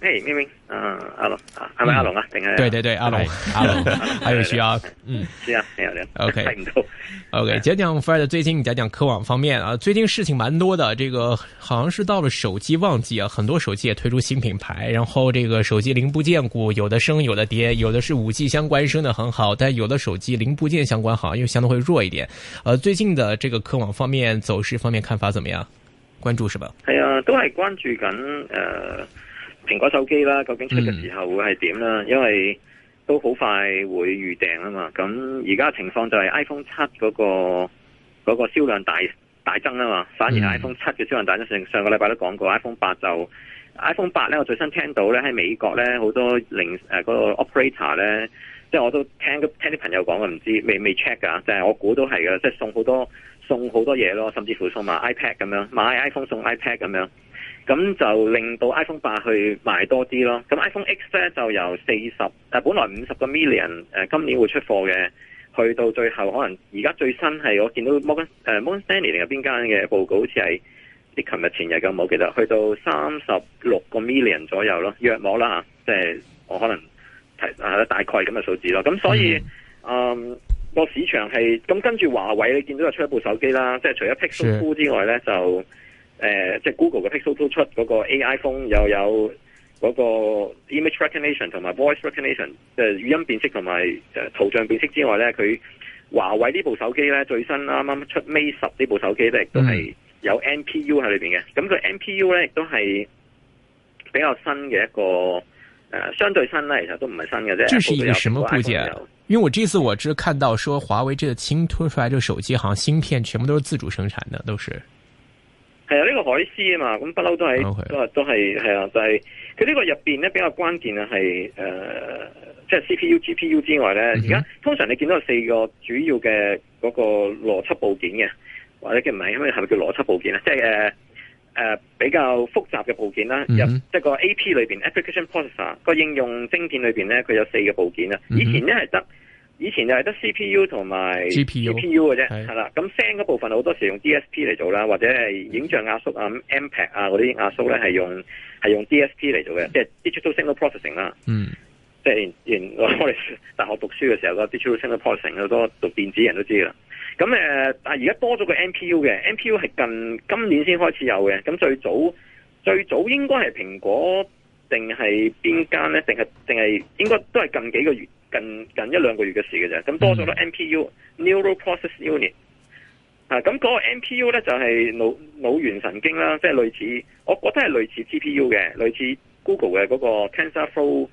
誒，明明，嗯，阿龍，係咪阿龍啊？定係？對對對，阿龍，阿龍，還有需要，嗯，需要，有要，OK，OK 講講 Fred，最近講講科網方面啊，最近事情蠻多的，這個好像是到了手機旺季啊，很多手機也推出新品牌，然後這個手機零部件股有的升，有的跌，有的是五 G 相關升得很好，但有的手機零部件相關好像又相對會弱一點。呃，最近的這個科網方面走勢方面看法怎麼樣？關注是吧？係啊，都係關注緊呃蘋果手機啦，究竟出嘅時候會係點啦？嗯、因為都好快會預訂啊嘛。咁而家情況就係 iPhone 七嗰個嗰個銷量大大增啊嘛，反而 iPhone 七嘅銷量大增。上個禮拜都講過、嗯，iPhone 八就 iPhone 八咧，我最新聽到咧，喺美國咧，好多零誒嗰個 operator 咧，即係我都聽聽啲朋友講嘅，唔知未未 check 㗎，就係我估都係嘅，即係送好多送好多嘢咯，甚至乎送埋 iPad 咁樣，買 iPhone 送 iPad 咁樣。咁就令到 iPhone 八去賣多啲咯，咁 iPhone X 咧就由四十，本來五十個 million，、呃、今年會出貨嘅，去到最後可能而家最新係我見到摩根 Morgan Stanley 定係邊間嘅報告，好似係你琴日前日咁。冇，記得去到三十六個 million 左右咯，約莫啦吓即係、就是、我可能提啊大概咁嘅數字咯，咁所以嗯，嗯、個市場係咁跟住華為，你見到又出一部手機啦，即係除咗 Pixel Two 的之外咧就。誒、呃，即係 Google 嘅 Pixel 都出嗰個 A.I. 風，又有，有個 Image Recognition 同埋 Voice Recognition，即係語音辨識同埋誒圖像辨識之外咧，佢華為呢部手機咧最新啱啱出 Mate 十呢部手機咧，亦都係有 N.P.U 喺裏邊嘅。咁佢 N.P.U 咧亦都係比較新嘅一個誒、呃，相對新咧其實都唔係新嘅啫。這是一個什麼部件？有因為我這次我只看到說華為這個新推出來這個手機，好像芯片全部都是自主生產的，都是。係啊，呢、這個海思啊嘛，咁不嬲都係 Okay. 都係都係係啊，就係佢呢個入邊咧比較關鍵啊，係、呃、誒，即、就、係、是、C P U G P U 之外咧，而家、mm hmm. 通常你見到有四個主要嘅嗰個邏輯部件嘅，或者叫唔係，因為係咪叫邏輯部件啊？即係誒誒，比較複雜嘅部件啦，mm hmm. 入即係、就、個、是、A P 裏邊 Application Processor 個應用晶片裏邊咧，佢有四個部件啊。Mm hmm. 以前咧係得。以前就係得 C P U 同埋 G P U 嘅啫，係啦的。咁聲嗰部分好多時用 D S P 嚟做啦，或者係影像壓縮啊、的 M 的 PEG 啊嗰啲壓縮咧，係用係用 D S P 嚟做嘅，即係 digital signal processing 啦。嗯，即係我我大學讀書嘅時候個 digital signal processing，好多讀電子人都知啦。咁誒、呃，但係而家多咗個 N P U 嘅 N P U 係近今年先開始有嘅。咁最早、嗯、最早應該係蘋果定係邊間咧？定係定係應該都係近幾個月。近近一兩個月嘅事嘅啫，咁多咗啦。NPU Neural Process Unit 啊，咁嗰個 NPU 咧就係腦腦元神經啦，即係類似，我覺得係類似 GPU 嘅，類似 Google 嘅嗰個 Tensor Flow、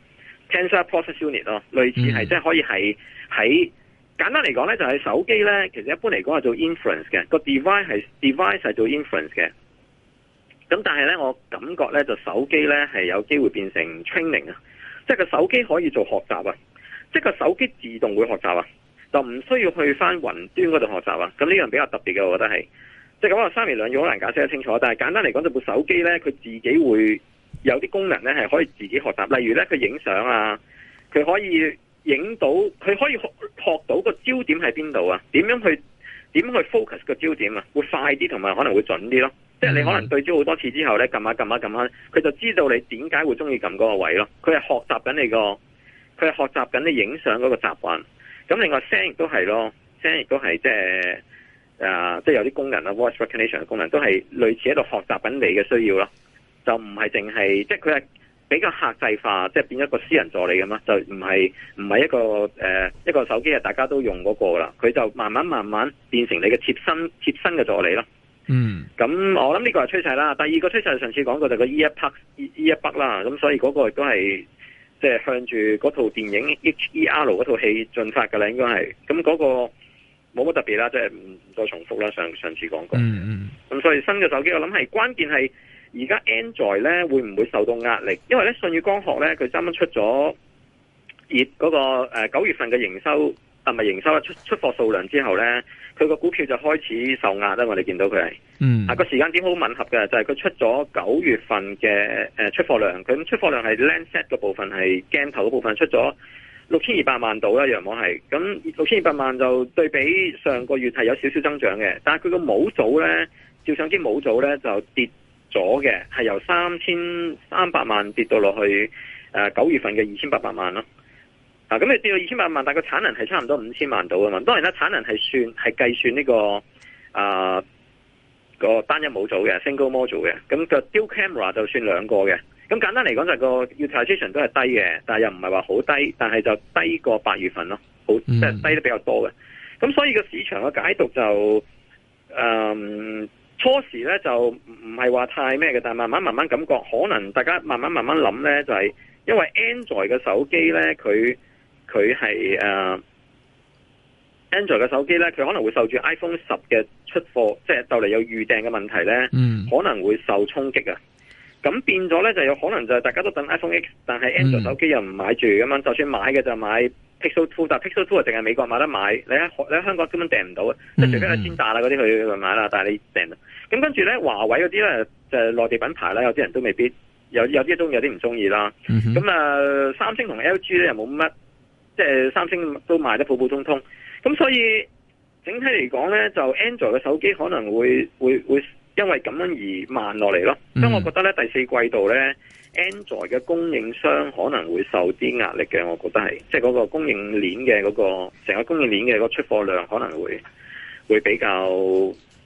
Tensor Process Unit 咯，類似係、mm. 即係可以喺喺簡單嚟講咧，就係手機咧，其實一般嚟講係做 inference 嘅，個 device 係 device 係做 inference 嘅。咁但係咧，我感覺咧就手機咧係有機會變成 training 啊，即係個手機可以做學習啊。即係個手機自動會學習啊，就唔需要去翻雲端嗰度學習啊。咁呢樣比較特別嘅，我覺得係即係咁話三言兩語好難解釋得清楚。但係簡單嚟講，就部手機呢，佢自己會有啲功能呢，係可以自己學習。例如呢，佢影相啊，佢可以影到，佢可以學，學，學到個焦點喺邊度啊？點樣去點樣去 focus 個焦點啊？會快啲同埋可能會準啲咯。即係你可能對焦好多次之後呢，撳下撳下撳下，佢就知道你點解會中意撳嗰個位咯。佢係學習緊你個。佢係學習緊你影相嗰個習慣，咁另外聲亦都係咯，聲亦都係即係啊，即、呃、係、就是、有啲功能啊，voice recognition 嘅功能都係類似喺度學習緊你嘅需要咯，就唔係淨係即係佢係比較客製化，即、就、係、是、變成一個私人助理咁啊，就唔係唔係一個誒、呃、一個手機啊，大家都用嗰個啦，佢就慢慢慢慢變成你嘅貼身貼身嘅助理咯。Mm. 嗯，咁我諗呢個係趨勢啦，第二個趨勢上次講過就係個 e 一 part 依依一筆啦，咁、嗯、所以嗰個亦都係。即係向住嗰套電影《H E R》嗰套戲進發㗎喇，應該係咁。嗰個冇乜特別啦，即係唔再重複啦，上上次講過。嗯嗯。咁所以新嘅手機，我諗係關鍵係而家 Android 咧會唔會受到壓力？因為咧信宇光學咧佢啱啱出咗熱嗰個誒九、呃、月份嘅營收。係咪營收啊？收出出貨數量之後呢？佢個股票就開始受壓啦。我哋見到佢係，嗯、啊個時間點好吻合嘅，就係、是、佢出咗九月份嘅誒、呃、出貨量。咁出貨量係 Lens set 個部分係鏡頭嗰部分出咗六千二百萬度啦，楊網係。咁六千二百萬就對比上個月係有少少增長嘅，但係佢個模組呢，照相機模組呢，就跌咗嘅，係由三千三百萬跌到落去誒九、呃、月份嘅二千八百萬咯。啊！咁你跌到二千八萬，但個產能係差唔多五千萬到啊嘛。當然啦，產能係算係計算呢、這個啊個、呃、單一模組嘅，single module 嘅。咁個 Dual Camera 就算兩個嘅。咁簡單嚟講就個 utilization 都係低嘅，但係又唔係話好低，但係就低過八月份咯，好即係、嗯、低得比較多嘅。咁所以個市場嘅解讀就，嗯，初時咧就唔係話太咩嘅，但係慢慢慢慢感覺，可能大家慢慢慢慢諗咧，就係、是、因為 Android 嘅手機咧，佢、嗯。佢係誒 Android 嘅手機咧，佢可能會受住 iPhone 十嘅出貨，即係就嚟、是、有預訂嘅問題咧，嗯、可能會受衝擊啊！咁變咗咧，就有可能就係大家都等 iPhone X，但係 Android 手機又唔買住咁樣，嗯、就算買嘅就買 Pixel Two，但 Pixel Two 淨係美國買得買，你喺你喺香港根本訂唔到啊！你除非去加拿大嗰啲去買啦，但係你訂咁跟住咧，華為嗰啲咧就係、是、內地品牌啦，有啲人都未必有有啲中意，有啲唔中意啦。咁啊、嗯哼，三星同 LG 咧又冇乜。即係三星都賣得普普通通，咁所以整體嚟講呢，就 Android 嘅手機可能會會會因為咁樣而慢落嚟咯。因為、嗯、所以我覺得呢，第四季度呢 Android 嘅供應商可能會受啲壓力嘅。我覺得係即係嗰個供應鏈嘅嗰、嗰個成個供應鏈嘅個出貨量可能會會比較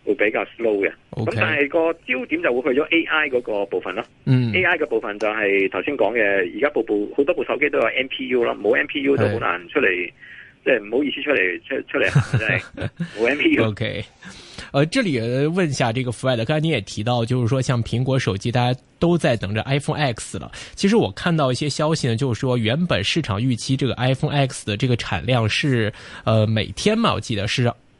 會比較 slow 嘅。咁 Okay, 但係個焦點就會去咗 A I 嗰個部分咯，A I 嘅部分就係頭先講嘅，而家部部好多部手機都有 N P U 咯。冇 N P U 就好難出嚟，即係唔好意思出嚟出出嚟，即係冇 N P U。O K，誒，這裏問一下這個 Fred，剛才你也提到，就是說，像蘋果手機，大家都在等着 iPhone X 了。其實我看到一些消息呢，就是說，原本市場預期這個 iPhone X 的這個產量是，誒、呃，每天嘛，我記得是。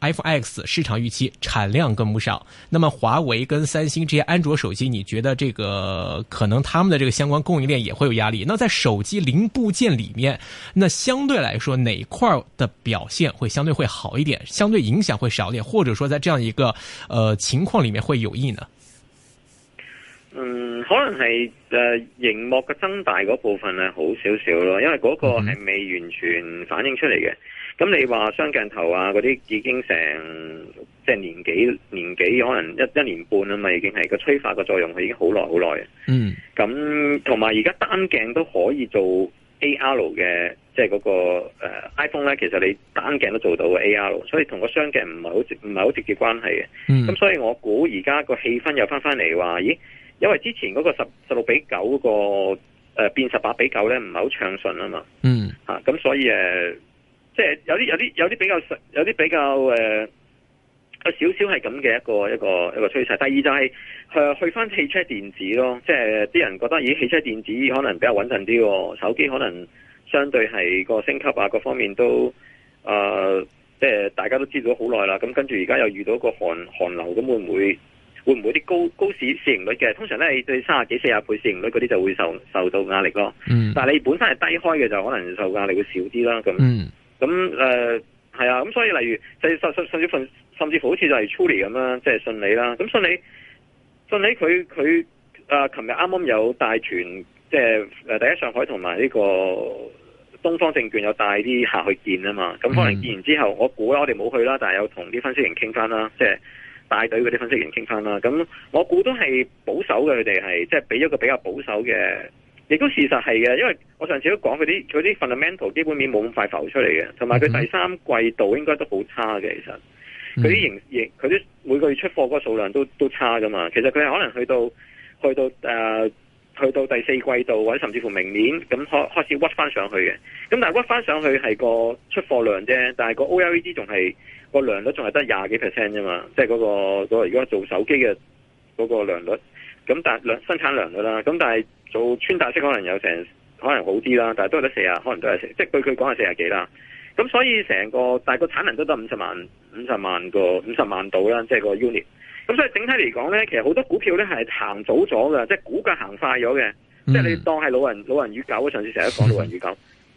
F X 市場預期產量跟不上，那麼華為跟三星這些安卓手機，你覺得這個可能他們的這個相關供應鏈也會有壓力？那在手機零部件裏面，那相對來說哪一塊的表現會相對會好一點，相對影響會少點，或者說在這樣一個呃情況裏面會有益呢？嗯，可能係呃熒幕嘅增大嗰部分係好少少咯，因為嗰個係未完全反映出嚟嘅。咁你話雙鏡頭啊，嗰啲已經成即係年幾年幾，可能一一年半啊嘛，已經係個催化嘅作用，佢已經好耐好耐嘅。嗯，咁同埋而家單鏡都可以做 A R 嘅，即係嗰個、呃、iPhone 咧。其實你單鏡都做到 A R，所以同個雙鏡唔係好直唔係好直接關係嘅。咁、嗯、所以我估而家個氣氛又翻翻嚟，話咦，因為之前嗰個十十六比九、個誒、呃、變十八比九咧，唔係好暢順啊嘛。嗯，咁、啊、所以、呃即係有啲有啲有啲比較有啲比較誒，有少少係咁嘅一個一個一個趨勢。第二就係、去、誒去翻汽車電子咯，即係啲人覺得，咦，汽車電子可能比較穩陣啲，手機可能相對係個升級啊各方面都誒、呃，即係大家都知道好耐啦。咁跟住而家又遇到個寒寒流，咁會唔會會唔會啲高高市市盈率嘅，通常咧你對三十幾四十倍市盈率嗰啲就會受受到壓力咯。嗯，但係你本身係低開嘅就可能受壓力會少啲啦。咁、嗯咁誒係啊，咁所以例如，甚甚甚甚至乎好似就係 Truly 咁啦，即係信你啦。咁信你，信你佢佢啊，琴日啱啱有帶團，即係誒第一上海同埋呢個東方證券有帶啲客去見啊嘛。咁可能見完之後，我估啦，我哋冇去啦，但係有同啲分析員傾翻啦，即係帶隊嗰啲分析員傾翻啦。咁我估都係保守嘅，佢哋係即係俾咗個比較保守嘅。亦都事實係嘅，因為我上次都講佢啲佢啲 fundamental 基本面冇咁快浮出嚟嘅，同埋佢第三季度應該都好差嘅。其實佢啲營業佢啲每個月出貨嗰個數量都都差噶嘛。其實佢可能去到去到誒、呃、去到第四季度或者甚至乎明年咁開開始屈翻上去嘅。咁但係屈翻上去係個出貨量啫，但係個 OLED 仲係個良率仲係得廿幾 percent 啫嘛。即係嗰個嗰、如果做手機嘅嗰個良率，咁但係量生產良率啦，咁但做穿戴式可能有成，可能好啲啦，但係都係得四十，可能都係四，即係對佢講係四十幾啦。咁、嗯、所以成個但係個產能都得五十萬五十萬個五十萬度啦，即係個 unit、嗯。咁所以整體嚟講咧，其實好多股票咧係行早咗嘅，即係股價行快咗嘅。即係你當係老人老人與狗，上次成日講老人與狗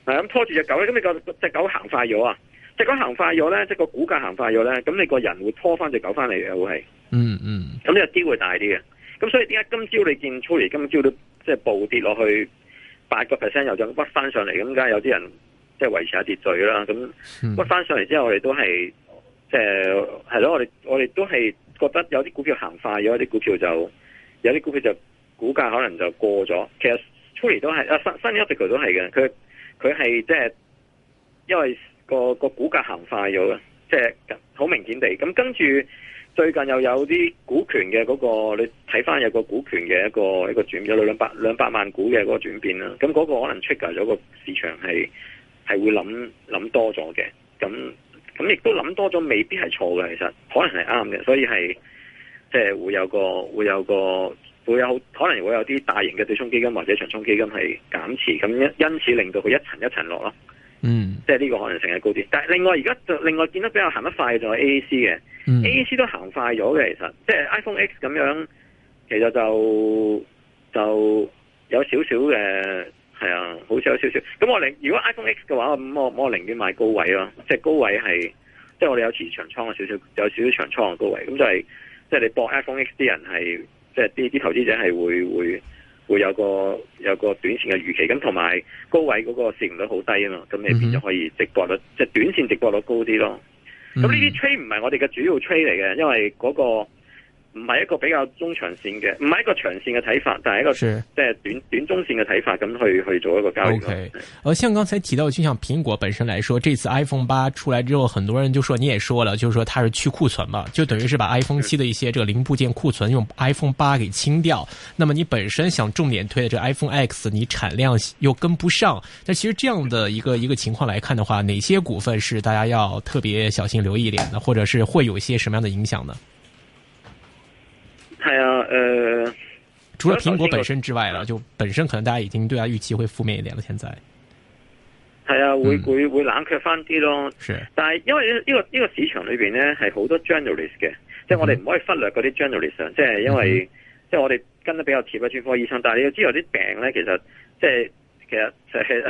嗱，咁 拖住隻狗咧，咁你個隻狗行快咗啊？隻狗行快咗咧，即係個股價行快咗咧，咁你個人會拖翻隻狗翻嚟嘅會係嗯 嗯，咁呢個機會大啲嘅。咁所以點解今朝你見初嚟今朝都？即係暴跌落去八個 percent，又再屈翻上嚟咁，梗係有啲人即係維持下秩序啦。咁屈翻上嚟之後，我哋都係即係係咯，我哋我哋都係覺得有啲股票行快咗，有啲股票就有啲股票就股價可能就過咗。其實 c u 嚟都係啊，新新 y 佢都係嘅，佢佢係即係因為個個股價行快咗，即係好明顯地。咁跟住。最近又有啲股權嘅嗰個，你睇翻有個股權嘅一個一個轉，有兩百兩百萬股嘅嗰個轉變啦。咁嗰個可能 trigger 咗個市場係係會諗諗多咗嘅。咁咁亦都諗多咗，未必係錯嘅。其實可能係啱嘅，所以係即係會有個會有個會有可能會有啲大型嘅對沖基金或者長沖基金係減持，咁因此令到佢一層一層落咯。嗯。即係呢個可能性係高啲，但係另外而家就另外見得比較行得快嘅就係 A A C、嗯、A A C 嘅，A A C 都行快咗嘅其實，即係 iPhone X 咁樣，其實就就有少少嘅係啊，好似有少少。咁我寧如果 iPhone X 嘅話，咁我我，我寧願買高位咯，即係高位係，即係我哋有持長倉嘅少少有少少長倉嘅高位，咁就係即係你博 iPhone X 啲人係，即係啲啲投資者係會會。會會有個有個短線嘅預期，咁同埋高位嗰個市盈率好低啊嘛，咁你變咗可以值博率，即係短線值博率高啲咯。咁呢啲 trade 唔係我哋嘅主要 trade 嚟嘅，因為嗰個。唔係一個比較中長線嘅，唔係一個長線嘅睇法，但係一個即係短是短中線嘅睇法，咁去去做一個交易。而、okay，呃、像剛才提到，就像蘋果本身來說，這次 iPhone 八出來之後，很多人就說，你也說了，就是說它是去庫存嘛，就等於是把 iPhone 七的一些這個零部件庫存用 iPhone 八給清掉。那麼你本身想重點推的這 iPhone X，你產量又跟不上。但其實這樣的一個一個情況來看的話，哪些股份是大家要特別小心留意一點的，或者是會有一些什麼樣的影響呢？係啊，誒、呃，除咗蘋果本身之外啦，才就本身可能大家已經對啊預期會負面一點啦。現在係啊，會會、嗯、會冷卻翻啲咯。是但係因為呢、這個呢、這個市場裏邊咧係好多 generalist 嘅，即係我哋唔可以忽略嗰啲 generalist、嗯、即係因為、嗯、即係我哋跟得比較貼啊專科醫生，但係你要知道啲病咧，其實即係其實就係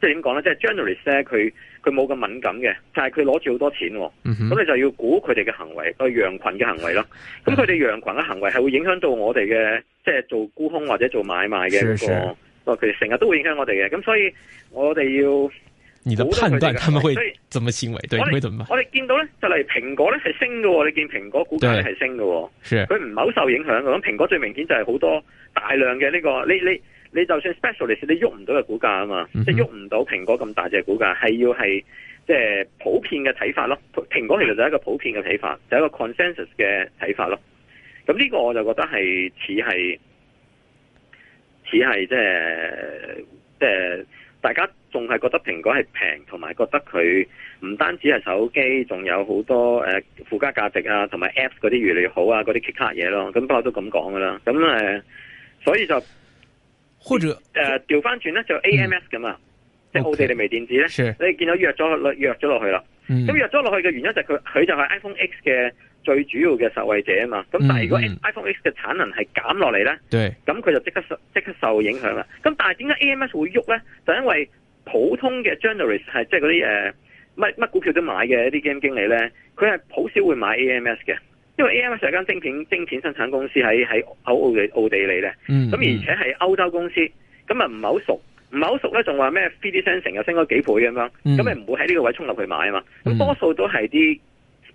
即係點講咧，即 係 generalist 咧佢。佢冇咁敏感嘅，但係佢攞住好多錢喎、喔，咁你、嗯、哼就要估佢哋嘅行為，個羊群嘅行為咯。咁佢哋羊群嘅行為係會影響到我哋嘅，即係做沽空或者做買賣嘅呢、那個，佢哋成日都會影響我哋嘅。咁所以我哋要，你的判斷他們會怎麼行為，我對我哋見到咧，就例如、是、蘋果咧係升喎、喔。你見蘋果股價咧係升喎、喔，佢唔係好受影響。咁蘋果最明顯就係好多大量嘅呢、這個，你，你，你就算 specialist，你喐唔到嘅股價啊嘛，即係喐唔到蘋果咁大隻股價，係要係即係普遍嘅睇法咯。蘋果其實就係一個普遍嘅睇法，就係、一個 consensus 嘅睇法咯。咁呢個我就覺得係似係似係即係即係大家仲係覺得蘋果係平，同埋覺得佢唔單止係手機，仲有好多誒、呃、附加價值啊，同埋 Apps 嗰啲越嚟越好啊，嗰啲其他嘢咯。咁不過都咁講噶啦。咁誒，所以就。或者誒調翻轉咧就 A M S 咁啊，嗯、即係奧地利微電子咧，okay, 你見到約咗落約咗落去啦。咁約咗落去嘅原因就係佢佢就係 iPhone X 嘅最主要嘅受惠者啊嘛。咁、嗯、但係如果 iPhone X 嘅產能係減落嚟咧，咁佢對就即刻受即刻受影響啦。咁但係點解 A M S 會喐咧？就因為普通嘅 generalist 係即係嗰啲誒乜乜股票都買嘅一啲 game 經理咧，佢係好少會買 A M S 嘅。因為 AMS 係間晶片晶片生產公司喺喺澳澳大奧地利咧，咁、嗯、而且係歐洲公司，咁啊唔係好熟，唔係好熟咧，仲話咩？3D sensing 又升咗幾倍咁樣，咁咪唔會喺呢個位衝落去買啊嘛？咁多數都係啲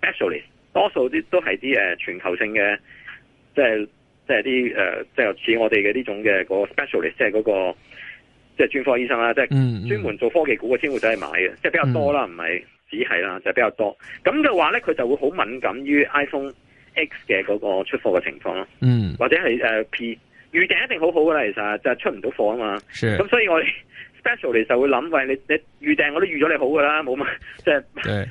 specialist，多數啲都係啲誒全球性嘅，即係即係啲誒，即係似我哋嘅呢種嘅、嗰個 specialist，即係嗰、嗰個即係專科醫生啦，即係專門做科技股嘅先會走去買嘅，即係比較多啦，唔係只係啦，就比較多。咁嘅、嗯就是、話咧，佢就會好敏感於 iPhone。X 嘅嗰個出貨嘅情況咯，嗯、或者係誒、uh, P 預訂一定好好噶啦，其實就係出唔到貨啊嘛，咁是所以我 special 嚟，就會諗，喂你你預訂我都預咗你好噶啦，冇乜即係。就是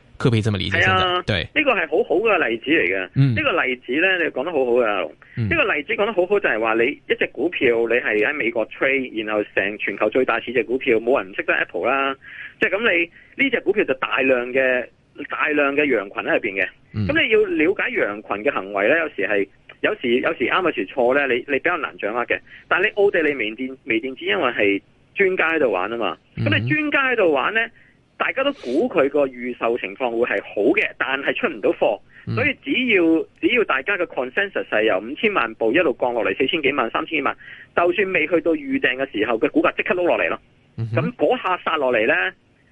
可唔可以咁樣理解？係啊，呢對個係好好嘅例子嚟嘅。呢、嗯、個例子呢，你講得很好好嘅，阿龍、嗯。呢個例子講得好好就係話，你一隻股票你係喺美國 trade 然後成全球最大市值股票，冇人唔識得 Apple 啦。即係咁，你呢隻股票就大量嘅大量嘅羊群喺入邊嘅。咁、嗯、你要了解羊群嘅行為呢，有時係有時有時啱，有時錯呢，你你比較難掌握嘅。但係你奧地利、微電、微電子，因為係專家喺度玩啊嘛。咁你專家喺度玩呢。嗯嗯大家都估佢個預售情況會係好嘅，但係出唔到貨，所以只要只要大家嘅 consensus 係由五千萬部一路降落嚟四千幾萬三千幾萬，就算未去到預訂嘅時候嘅股價即刻碌落嚟咯。咁嗰下殺落嚟呢，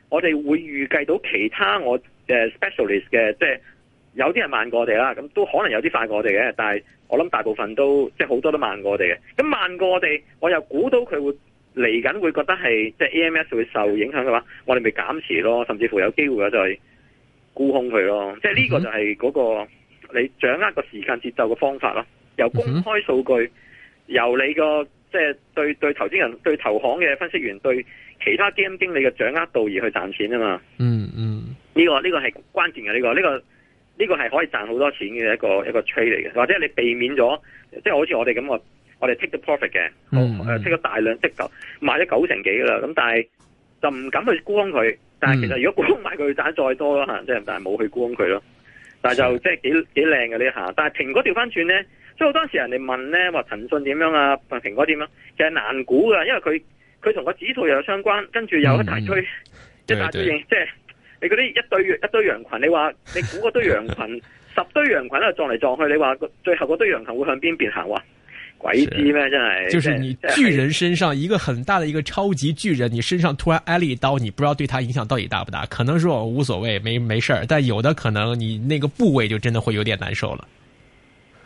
我哋會預計到其他我嘅 specialist 嘅，即係有啲人慢過我哋啦，咁都可能有啲快過我哋嘅，但係我諗大部分都即係好多都慢過我哋嘅。咁慢過我哋，我又估到佢會。嚟緊會覺得係即係 AMS 會受影響嘅話，我哋咪減持咯，甚至乎有機會嘅就係沽空佢咯。即係呢個就係嗰個你掌握個時間節奏嘅方法囉。由公開數據，由你個即係對對，對投資人、對投行嘅分析員、員對其他基金經理嘅掌握度而去賺錢啊嘛。嗯嗯，呢個呢個係關鍵嘅呢個，呢、呢個呢、呢個係、呢個、可以賺好多錢嘅一個一個 trade 嚟嘅，或者你避免咗，即係好似我哋咁個。我哋 take the profit 嘅，誒 take 咗大量即九賣咗九成幾啦，咁但係就唔敢去沽空佢。但係其實如果沽空埋佢賺再多啦，嚇，即係但係冇去沽空佢咯。但係就即係幾幾靚嘅呢下。但係的蘋果調翻轉咧，即係好多時人哋問咧話騰訊點樣啊，問蘋果點樣、啊，其、就、實、是、難估嘅，因為佢佢同個指數又有相關，跟住又一大堆一大堆嘢，即係對對、就是、你嗰啲一堆一堆羊群，你話你估嗰堆羊群， 十堆羊羣咧、啊、撞嚟撞去，你話最後嗰堆羊群會向邊邊行？鬼知咩真係？就是你巨人身上一個很大的一個超級巨人，就是、你身上突然挨了一刀，你不知道對他影響到底大不大？可能說我無所謂，沒沒事，但有的可能你那個部位就真的會有點難受了。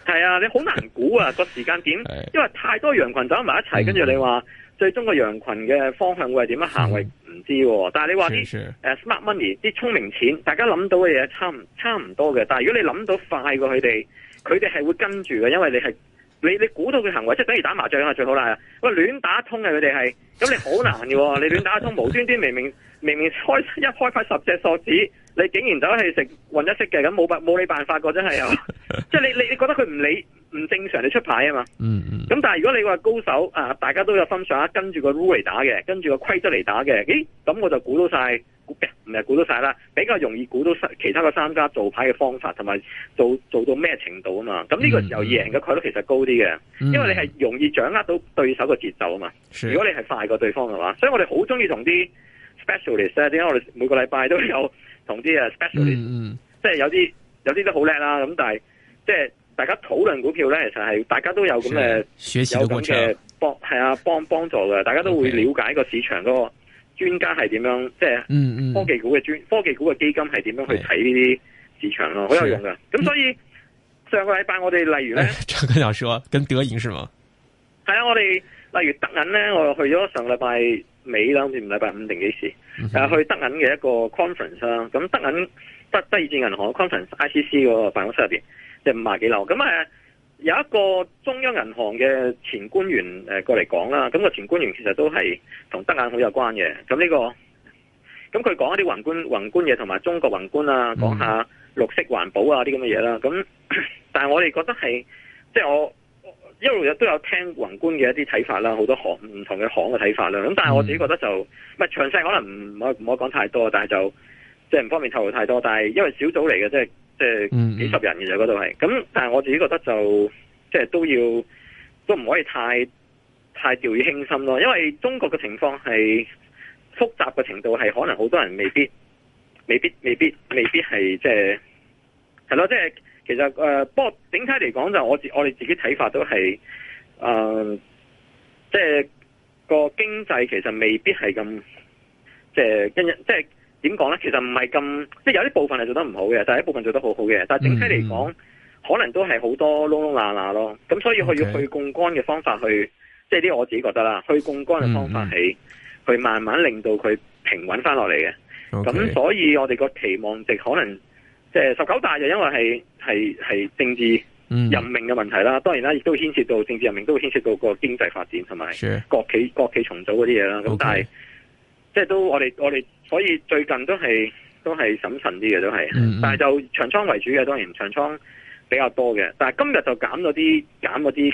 係啊，你好難估啊 個時間點，因為太多羊群走埋一齊，跟住、嗯、你話最終個羊群嘅方向會係點樣行，我唔、嗯、知道、啊。但係你話啲是、uh, smart money 啲聰明錢，大家諗到嘅嘢差唔差唔多嘅，但係如果你諗到快過佢哋，佢哋係會跟住嘅，因為你係。你你估到佢行為，即係等於打麻將啊，最好啦，喂亂打一通嘅佢哋係，咁你好難嘅喎， 你亂打一通無端端明明明明開一開塊十隻索子。你竟然走去食混一色嘅，咁冇辦冇你辦法個真係啊！ 即係你你你覺得佢唔理唔正常你出牌啊嘛、嗯？嗯嗯。咁但係如果你話高手啊，大家都有心想啊，跟住個 rule 嚟打嘅，跟住個規則嚟打嘅。咦？咁我就估到晒，唔係估到晒啦，比較容易估到其他個三家做牌嘅方法同埋做做到咩程度啊嘛？咁呢個時候贏嘅概率其實高啲嘅。嗯、因為你係容易掌握到對手嘅節奏啊嘛。嗯、如果你係快過對方嘅話，所以我哋好中意同啲 specialist 咧，點解我哋每個禮拜都有？同啲啊，special 嗯，嗯即係有啲有啲都好叻啦。咁但係，即係大家討論股票咧，其實係大家都有咁嘅，啊、有咁嘅幫係啊幫幫助嘅，大家都會了解個市場嗰個專家係點樣，嗯、即係科技股嘅專、嗯、科技股嘅基金係點樣去睇呢啲市場咯，好的有用噶。咁的所以上個禮拜我哋例如咧，張生又說跟德銀是嗎？係啊、哎，我哋例如德銀咧，我又去咗上個禮拜尾啦，好似唔係禮拜五定幾時？啊、去德銀嘅一個 conference 啦、啊，咁德銀德德意志銀行 conference ICC 嗰個辦公室入邊，即、就、係、是、五十幾樓。咁係有一個中央銀行嘅前官員、呃、過嚟講啦，咁、那個前官員其實都係同德銀好有關嘅。咁呢、這個，咁佢講一啲宏觀宏觀嘢同埋中國宏觀啊，講下綠色環保啊啲咁嘅嘢啦。咁但係我哋覺得係即係我。一路都有聽宏觀嘅一啲睇法啦，好多行唔同嘅行嘅睇法啦。咁但係我自己覺得就唔係、嗯嗯嗯、詳細，可能唔可唔可以講太多。但係就即係唔方便透露太多。但係因為小組嚟嘅，即係即係幾十人嘅就嗰度係。咁、嗯嗯、但係我自己覺得就即係都要都唔可以太太掉以輕心咯。因為中國嘅情況係複雜嘅程度係可能好多人未必未必未必未必係即係。係咯，即係其實誒、呃，不過整體嚟講就我自我哋自己睇法都係誒、呃，即係個經濟其實未必係咁，即係因即係點講咧？其實唔係咁，即係有啲部分係做得唔好嘅，但係一部分做得好好嘅。但係整體嚟講，嗯、可能都係好多窿窿罅罅咯。咁所以佢要去槓桿嘅方法去，okay, 即係啲我自己覺得啦，去槓桿嘅方法起去、嗯、去慢慢令到佢平穩翻落嚟嘅。咁 Okay, 所以我哋個期望值可能。即係十九大就因為係係係政治任命嘅問題啦，嗯、當然啦，亦都牽涉到政治任命，都會牽涉到個經濟發展同埋國企, Sure. 國企國企重組嗰啲嘢啦。咁 Okay. 但係即係都我哋我哋所以最近都係都係審慎啲嘅都係，嗯嗯，但係就長倉為主嘅，當然長倉比較多嘅，但係今日就減咗啲減咗啲。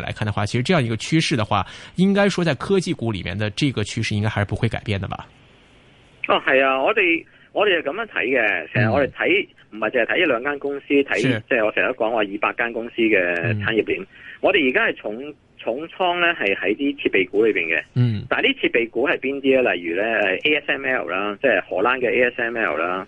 來看的話，其實這樣一個趨勢的話，應該說在科技股裏面的這個趨勢應該還是不會改變的吧？哦，係啊，我哋我哋係咁樣睇嘅，成日我哋睇唔係淨係睇一兩間公司，睇是即係我成日都講話，二百間公司嘅產業鏈。嗯、我哋而家係重重倉咧係喺啲設備股裏邊嘅，嗯，但係啲設備股係邊啲咧？例如咧，ASML 啦，即係荷蘭嘅 ASML 啦。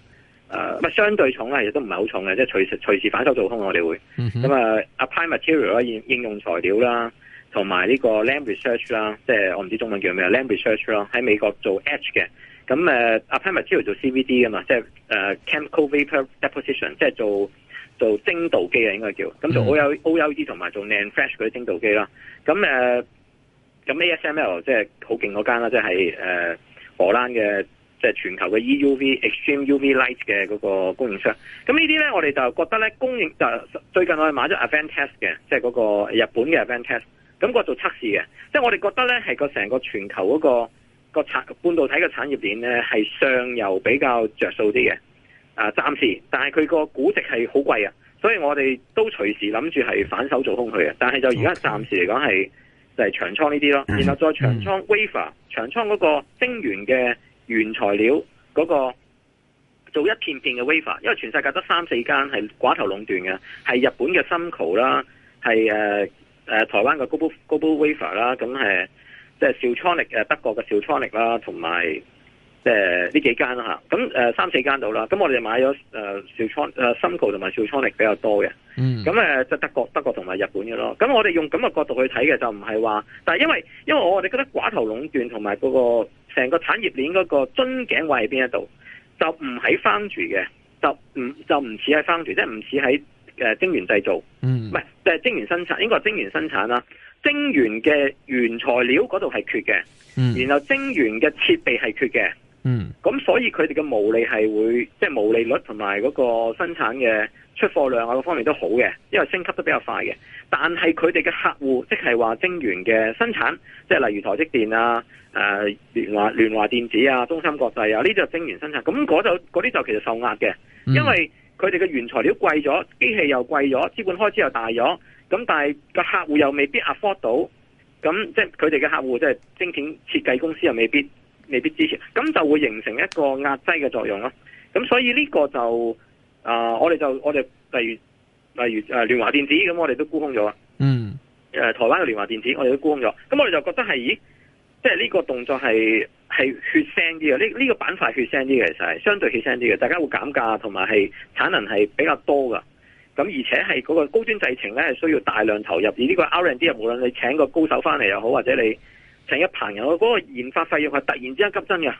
誒，相對重咧，其實都唔係好重嘅，即係隨時隨時反手做空，我哋會。咁啊，Applied Materials 啦，應用材料啦，同埋呢個 Lam Research 啦，即係我唔知中文叫咩，Lam Research 咯，喺美國做 etch 嘅。咁、啊、Applied Materials 做 CVD 嘅嘛，即 chemical vapor deposition，即係做做精度機啊，應該叫。咁做 O U O U 同埋做 NAND flash 嗰啲精度機啦。咁誒，咁、啊、ASML 即係好勁嗰間啦，即係誒、呃、荷蘭嘅。即係全球嘅 EUV、Extreme UV Light 嘅嗰個供應商，咁呢啲呢，我哋就覺得呢，供應就最近我哋買咗 Advantest 嘅，即係嗰個日本嘅 Advantest，咁個做測試嘅，即係我哋覺得呢，係個成個全球嗰、那個個半導體嘅產業鏈呢，係上游比較着數啲嘅，啊暫時，但係佢個估值係好貴啊，所以我哋都隨時諗住係反手做空佢嘅，但係就而家暫時嚟講係就係、是、長倉呢啲咯，然後再長倉 Wafer、嗯、長倉嗰個晶圓嘅。原材料嗰、那個做一片片嘅 wafer，因為全世界得三四間係寡頭壟斷嘅，係日本嘅 s u c o 啦，係、呃呃、台灣嘅高波高波 wafer 啦，咁係即係肖創力，誒德國嘅肖創力啦，同埋。即係呢幾間啦，咁誒三四間到啦，咁我哋買買咗誒小倉誒 Sumco 同埋小倉力比較多嘅，咁咧就德國德國同埋日本嘅咯。咁我哋用咁嘅角度去睇嘅就唔係話，但係因為因為我哋覺得寡頭壟斷同埋嗰個成個產業鏈嗰個樽頸位喺邊一度，就唔喺翻住嘅，就唔就唔似喺翻住，即係唔似喺誒晶圓製造，唔係就係晶圓生產，應該係晶圓生產啦。晶圓嘅原材料嗰度係缺嘅，T 嗯、然後晶圓嘅設備係缺嘅。嗯，咁所以佢哋嘅毛利係會即係、就是、毛利率同埋嗰個生產嘅出貨量啊，各方面都好嘅，因為升級得比較快嘅。但係佢哋嘅客戶即係話晶圓嘅生產，即係例如台積電啊、誒聯華聯華電子啊、中芯國際啊，呢啲係晶圓生產，咁嗰就啲就，就其實受壓嘅，因為佢哋嘅原材料貴咗，機器又貴咗，資本開支又大咗，咁但係個客戶又未必 afford 到，咁即係佢哋嘅客戶即係晶片設計公司又未必。未必支持，咁就會形成一個壓擠嘅作用咯。咁所以呢個就啊、呃，我哋就我哋例如例如誒聯華電子，咁我哋都沽空咗啊。嗯、呃，台灣嘅聯華電子，我哋都沽空咗。咁我哋就覺得係，咦，即係呢個動作係係血腥啲嘅。呢、呢、呢個板塊血腥啲嘅，其實係相對血腥啲嘅。大家會減價，同埋係產能係比較多噶。咁而且係嗰個高端製程咧，係需要大量投入。而呢個 R&D 無論你請個高手翻嚟又好，或者你。成一棚人，我、嗰、嗰個研發費用係突然之間急增嘅。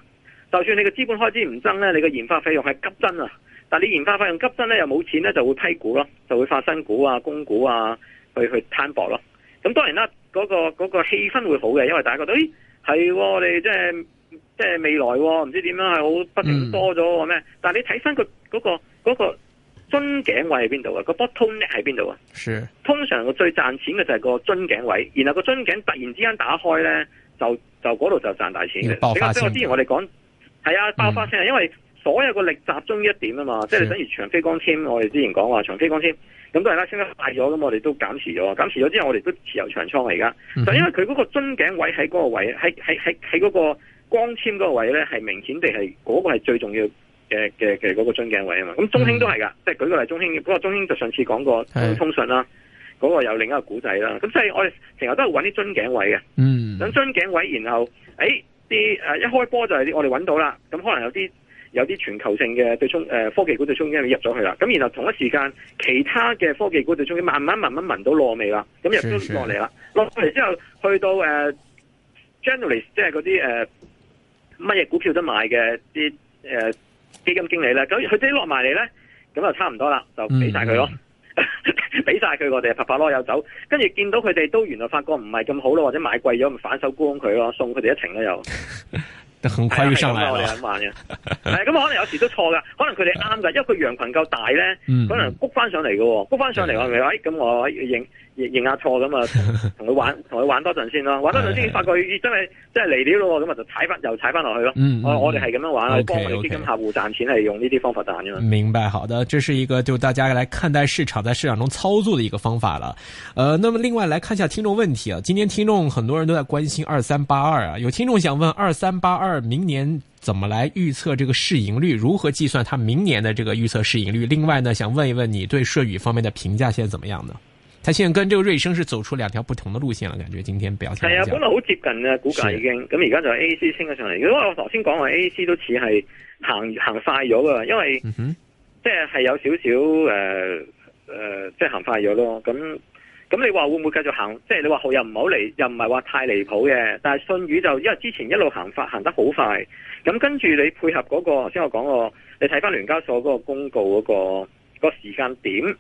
就算你嘅資本開支唔增咧，你嘅研發費用係急增啊！但係你研發費用急增咧，又冇錢咧，就會批股咯，就會發新股啊、供股啊，去去攤薄咯。咁當然啦，嗰、嗰個嗰、嗰個、氣氛會好嘅，因為大家覺得，咦係喎，我哋即係即係未來喎，唔知點樣係好不停多咗咩、嗯？但係你睇翻佢嗰個嗰個。嗰個樽頸位喺邊度啊？個 bottleneck 喺邊度啊？是通常個最賺錢嘅就係個樽頸位，然後個樽頸突然之間打開咧，就就嗰度就賺大錢嘅。爆發聲我之前我哋講係啊，爆發聲啊，嗯、因為所有個力集中於一點啊嘛，是即係等於長飛光纖，我哋之前講話長飛光纖咁都係啦，升得快咗咁，我哋都減持咗，減持咗之後我哋都持有長倉，而家就因為佢嗰個樽頸位喺嗰個位，喺喺喺喺嗰個光纖嗰個位咧，係明顯地係嗰、嗰個係最重要的。嘅嘅嘅嗰個樽頸位啊嘛，咁中興都係㗎，mm. 即係舉個例，中興嗰個中興就上次講過通訊啦，嗰、mm. 個有另一個股仔啦，咁即係我哋成日都係揾啲樽頸位嘅，等、mm. 樽頸位，然後誒啲誒一開波就係我哋揾到啦，咁可能有啲有啲全球性嘅對衝誒、呃、科技股對衝已經入咗去啦，咁然後同一時間其他嘅科技股對衝慢慢慢慢聞到落味啦，咁入咗落嚟啦，落嚟是之後去到誒 j、呃、generalist 即係嗰啲誒乜嘢股票都買嘅啲誒。基金經理咧，咁佢啲落埋嚟咧，咁就差唔多啦，就俾晒佢咯，俾晒佢我哋拍發咯，有走，跟住見到佢哋都原來發覺唔係咁好咯，或者買貴咗，咪反手沽佢咯，送佢哋一程咧又， 都控規上嚟、哎啊、我哋咁玩嘅，係咁、 哎、可能有時都錯噶，可能佢哋啱噶，因為佢羊群夠大咧，可能谷翻上嚟嘅，谷翻上嚟我咪喂咁我應。哎認認下錯咁啊錯，同佢玩，同佢玩多陣先咯，玩多陣先發覺，咦，真係真係嚟了咯，咁啊就踩翻，又踩翻落去咯，嗯。嗯、啊、嗯我我哋係咁樣玩啊，幫 okay, okay. 你基金客戶賺錢係用呢啲方法賺嘅。明白，好的，這是一個就大家來看待市場，在市場中操作的一個方法啦。呃，那麼另外來看一下聽眾問題啊，今天聽眾很多人都在關心二三八二啊，有聽眾想問二三八二明年怎麼來預測這個市盈率？如何計算他明年的這個預測市盈率？另外呢，想問一問你對舜宇方面的評價現在怎麼樣呢？佢現在跟這個瑞聲是走出兩條不同的路線啦，感覺今天比較係啊，本來好接近啊，估價已經咁而家就 AAC 升咗上嚟。如果我頭先講話 AAC 都似係行行快咗㗎，因為即係係有少少誒誒，即係、嗯、哼行，行快咗、呃呃就是、咯。咁咁你話會唔會繼續行？即、就、係、是、你話又唔好嚟，又唔係話太離譜嘅。但係舜宇就因為之前一路行發行得好快，咁跟住你配合嗰、那個頭先我講過，你睇返聯交所嗰個公告嗰、那個。個時間點，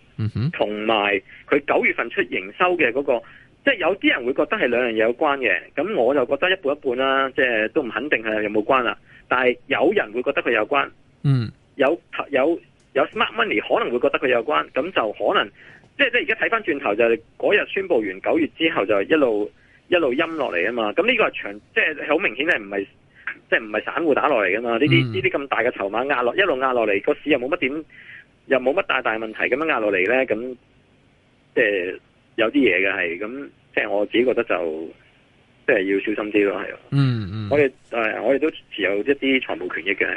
同埋佢九月份出營收嘅嗰個，即係有啲人會覺得係兩樣嘢有關嘅，咁我就覺得一半一半啦，即係都唔肯定係有冇關啦。但係有人會覺得佢有關，嗯，有有有 smart money 可能會覺得佢有關，咁就可能即係即係而家睇翻轉頭就係嗰日宣布完九月之後就一路一路陰落嚟啊嘛。咁呢個係長，即係好明顯係唔係，即係唔係散戶打落嚟噶嘛？呢啲呢啲咁大嘅籌碼壓落，一路壓落嚟，個市又冇乜點。又冇乜大大問題，咁樣壓落嚟咧，咁即係有啲嘢嘅係，咁即係我自己覺得就即係、呃、要小心啲咯，係、嗯。嗯嗯、呃，我哋我哋都持有一啲財務權益嘅係。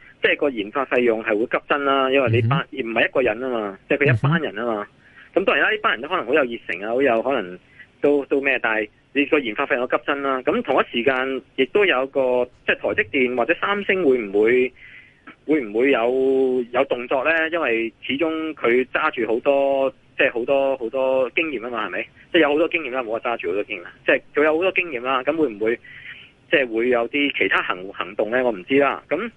即係個研發費用係會急增啦，因為你班唔係一個人啊嘛，嗯、哼即係佢一班人啊嘛。咁當然啦，呢班人都可能好有熱誠啊，好有可能都都咩。但係你個研發費用急增啦，咁同一時間亦都有個即係台積電或者三星會唔會會唔會有有動作呢？因為始終佢揸住好多即係好多好多經驗啊嘛，係咪？即係有好多經驗啦，冇話揸住好多經驗，即係佢有好多經驗啦。咁會唔會即係會有啲其他行行動呢？我唔知啦。咁。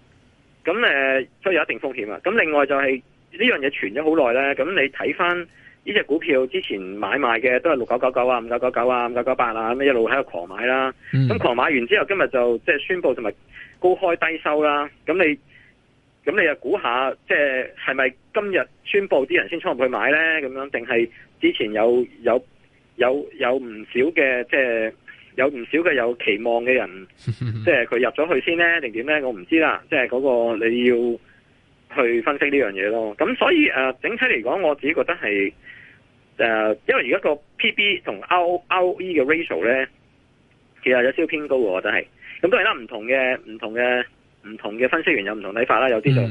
咁誒，都有一定風險啊！咁另外就係呢樣嘢傳咗好耐咧，咁你睇返呢隻股票之前買賣嘅都係六九九九啊、五九九九啊、五九九八啊咁一路喺度狂買啦。咁狂買完之後，今日就即係宣布同埋高開低收啦。咁你咁你又估下，即係係咪今日宣布啲人先衝入去買咧？咁樣定係之前有有有有唔少嘅即係？有唔少嘅有期望嘅人， 即係佢入咗去先呢，定點呢？我唔知啦。即係嗰個你要去分析呢樣嘢咯。咁所以誒、呃，整體嚟講，我自己覺得係誒、呃，因為而家個 P B 同 R O E 嘅 ratio 呢，其實有少少偏高喎。真係。咁當然啦，唔同嘅，唔同嘅，唔同嘅分析員有唔同睇法啦。有啲 就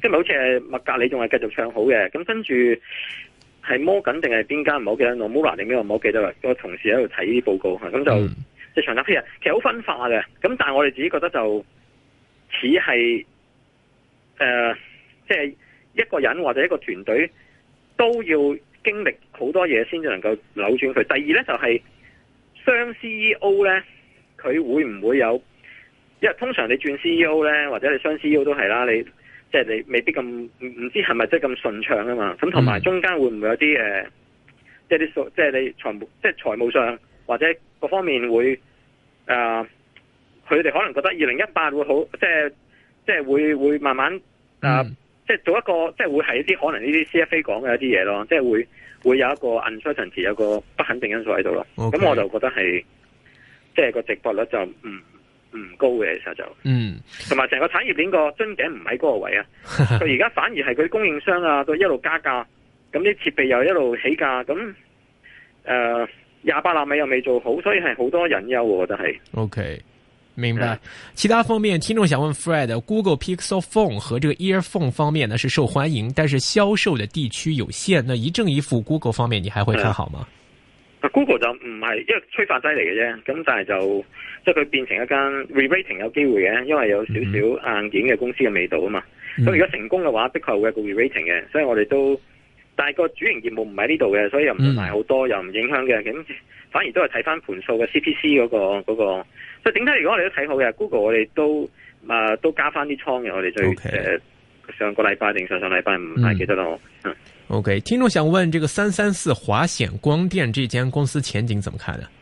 即係，好似係麥格里仲係繼續唱好嘅。咁跟住。係摩根定係邊間唔好記得，農摩拿定邊個唔好記得啦。個同事喺度睇呢啲報告吓，咁就即係啊。嗯、其實好分化嘅，咁但係我哋自己覺得就似係誒，即、呃、係、就是、一個人或者一個團隊都要經歷好多嘢先至能夠扭轉佢。第二咧就係、是、雙 C E O 咧，佢會唔會有？因為通常你轉 C E O 咧，或者你雙 C E O 都係啦，你。即係你未必咁唔知係咪即係咁順暢啊嘛？咁同埋中間會唔會有啲誒即係啲數，即係、嗯、你財務即係財務上或者各方面會誒佢哋可能覺得二零一八會好，即係即係會會慢慢誒即係做一個即係、就是、會係一啲可能呢啲 CFA 講嘅一啲嘢咯，即、就、係、是、會會有一個 uncertainty 有一個不肯定因素喺度咯。咁 Okay. 我就覺得係即係個直播率就唔。嗯唔高嘅其實就，嗯，同埋成個產業鏈個樽頸唔喺嗰個位啊，佢而家反而係佢供應商啊，佢一路加價，咁啲設備又一路起價，咁誒廿八納米又未做好，所以係好多隱憂，我覺得係。O、okay，K，明白。嗯、其他方面，聽眾想問 Fred，Google Pixel Phone 和這個 Earphone 方面呢是受歡迎，但是銷售的地區有限，那一正一負，Google 方面你還會看好嗎？嗯 Google 就唔係因為催化劑嚟嘅啫，咁但係就即係佢變成一間 re-rating 有機會嘅，因為有少少硬件嘅公司嘅味道啊嘛。咁、嗯、如果成功嘅話，的確會有個 re-rating 嘅。所以我哋都，但係個主營業務唔喺呢度嘅，所以又唔會賣好多，嗯、又唔影響嘅。咁反而都係睇翻盤數嘅 CPC 嗰個嗰個。即係整體，如果我哋都睇好嘅 Google，我哋都啊都加翻啲倉嘅。我哋最誒 Okay.、呃、上個禮拜定上上禮拜唔係記得咯。O、okay, K，聽眾想問，這個三三四華顯光電這間公司前景怎麼看呢、啊？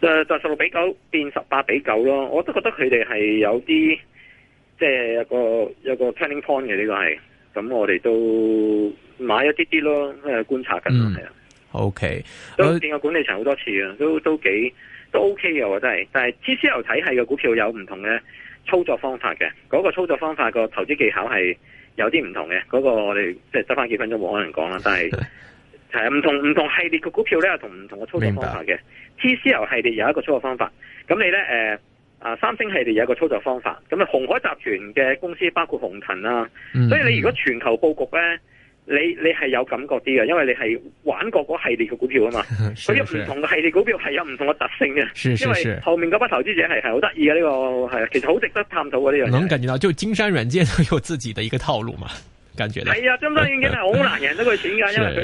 誒、嗯，就十六比九變十八比九咯，我都覺得佢哋係有啲，即、這、係個，是有，個有個 turning point 嘅呢個係，咁我哋都買一啲啲咯，誒觀察緊咯係啊。嗯、o、okay, K，都見過管理層好多次啊，都都幾都 O K 嘅，我真係。但係 T C L 體系嘅股票有唔同嘅操作方法嘅，嗰、那個操作方法個投資技巧係。有啲唔同嘅，嗰個我哋即係得翻幾分鐘冇可能講啦，但係，係唔同唔同系列嘅股票咧，同唔同嘅操作方法嘅。明白。TCL 系列有一個操作方法，咁你咧，誒啊三星系列有一個操作方法，咁啊鴻海集團嘅公司包括鴻騰啦，嗯、所以你如果全球布局咧。你你係有感覺啲嘅，因為你係玩過嗰系列嘅股票啊嘛，佢有唔同嘅系列股票係有唔同嘅特性嘅，因為後面嗰班投資者係係好得意嘅呢個係，其實好值得探討嘅呢樣。能感覺到就金山軟件都有自己嘅一個套路嘛？感覺係啊，金山軟件係好難贏到佢錢噶，因為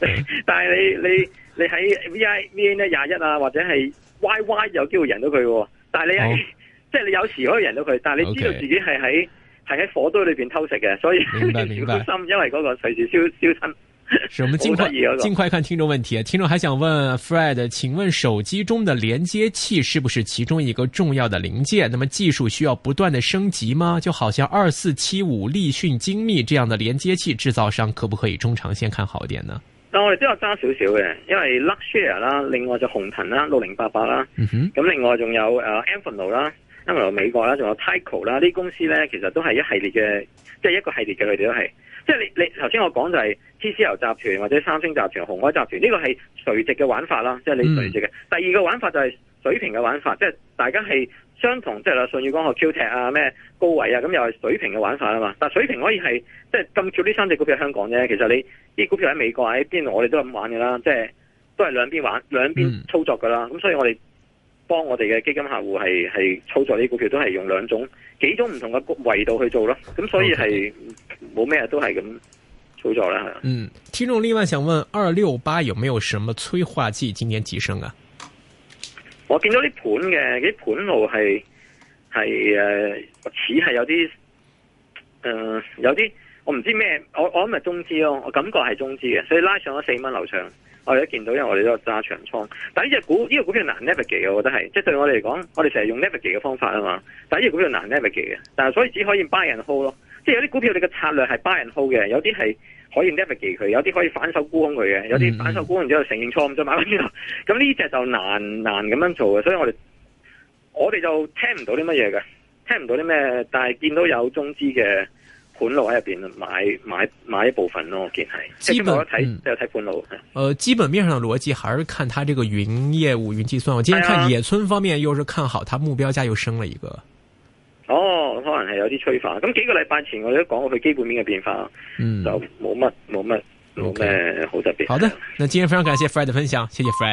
佢，但係你你你喺 V I V A 呢廿一啊，或者係 Y Y 有機會贏到佢，但係你即係你有時可以贏到佢，但係你知道自己係喺。係喺火堆裏邊偷食嘅，所以唔小心，因為嗰個隨時燒燒身，好得意盡快盡、那個、快看聽眾問題，聽眾還想問 Fred，請問手機中的連接器是不是其中一個重要的零件？那麼技術需要不斷的升級嗎？就好像二四七五立訊精密這樣的連接器製造商，可不可以中長線看好一點呢？但我哋都有揸少少嘅，因為 Luxshare 啦，另外就紅騰啦，六零八八啦，咁另外仲有誒 Amphenol 啦。包括美國啦，仲有 TCL 啦，呢啲公司咧，其實都係一系列嘅，即係一個系列嘅，佢哋都係。即係你你頭先我講就係 TCL 集團或者三星集團、鴻海集團呢、呢個係垂直嘅玩法啦，即係你垂直嘅。嗯、第二個玩法就係水平嘅玩法，即係大家係相同，即係啦，舜宇光學 QTech 啊，咩高偉啊，咁又係水平嘅玩法啊嘛。但水平可以係即係咁跳呢三隻股票喺香港啫。其實你啲股票喺美國喺邊？哪我哋都咁玩嘅啦，即係都係兩邊玩兩邊操作噶啦。咁、嗯、所以我哋。幫我哋嘅基金客戶係係操作呢股票都係用兩種幾種唔同嘅維度去做咯，咁所以係冇咩都係咁操作啦。嗯，聽眾另外想問：二六八有冇有什麼催化劑？今年急升啊！我見到啲盤嘅啲盤路係係誒似係有啲誒、呃、有啲我唔知咩，我不知道什麼我諗係中資咯，我感覺係中資嘅，所以拉上咗四蚊樓上。我而家見到，因為我哋都有揸長倉，但係呢隻股呢、呢個股票難 navigate，我覺得係，即係對我哋嚟講，我哋成日用 navigate 嘅方法啊嘛，但係呢隻股票難 navigate 嘅，但係所以只可以 buy and hold 咯，即係有啲股票你嘅策略係 buy and hold 嘅，有啲係可以 navigate 佢，有啲可以反手沽空佢嘅，有啲反手沽空然之後承認錯誤再買翻轉頭，咁呢隻就難難咁樣做嘅，所以我哋我哋就聽唔到啲乜嘢嘅，聽唔到啲咩，但係見到有中資嘅。本路喺入邊買買買一部分咯，我見，係基本睇，都有睇本路。誒、嗯，基本面上嘅邏輯還是看佢這個雲業務、雲計算。我今日看野村方面又是看好，佢目標價又升了一個。哦，可能係有啲催化。咁幾個禮拜前我哋都講過佢基本面嘅變化，嗯，就冇乜冇乜冇咩好特別。好的，那今天非常感謝 Fred 分享，謝謝 Fred。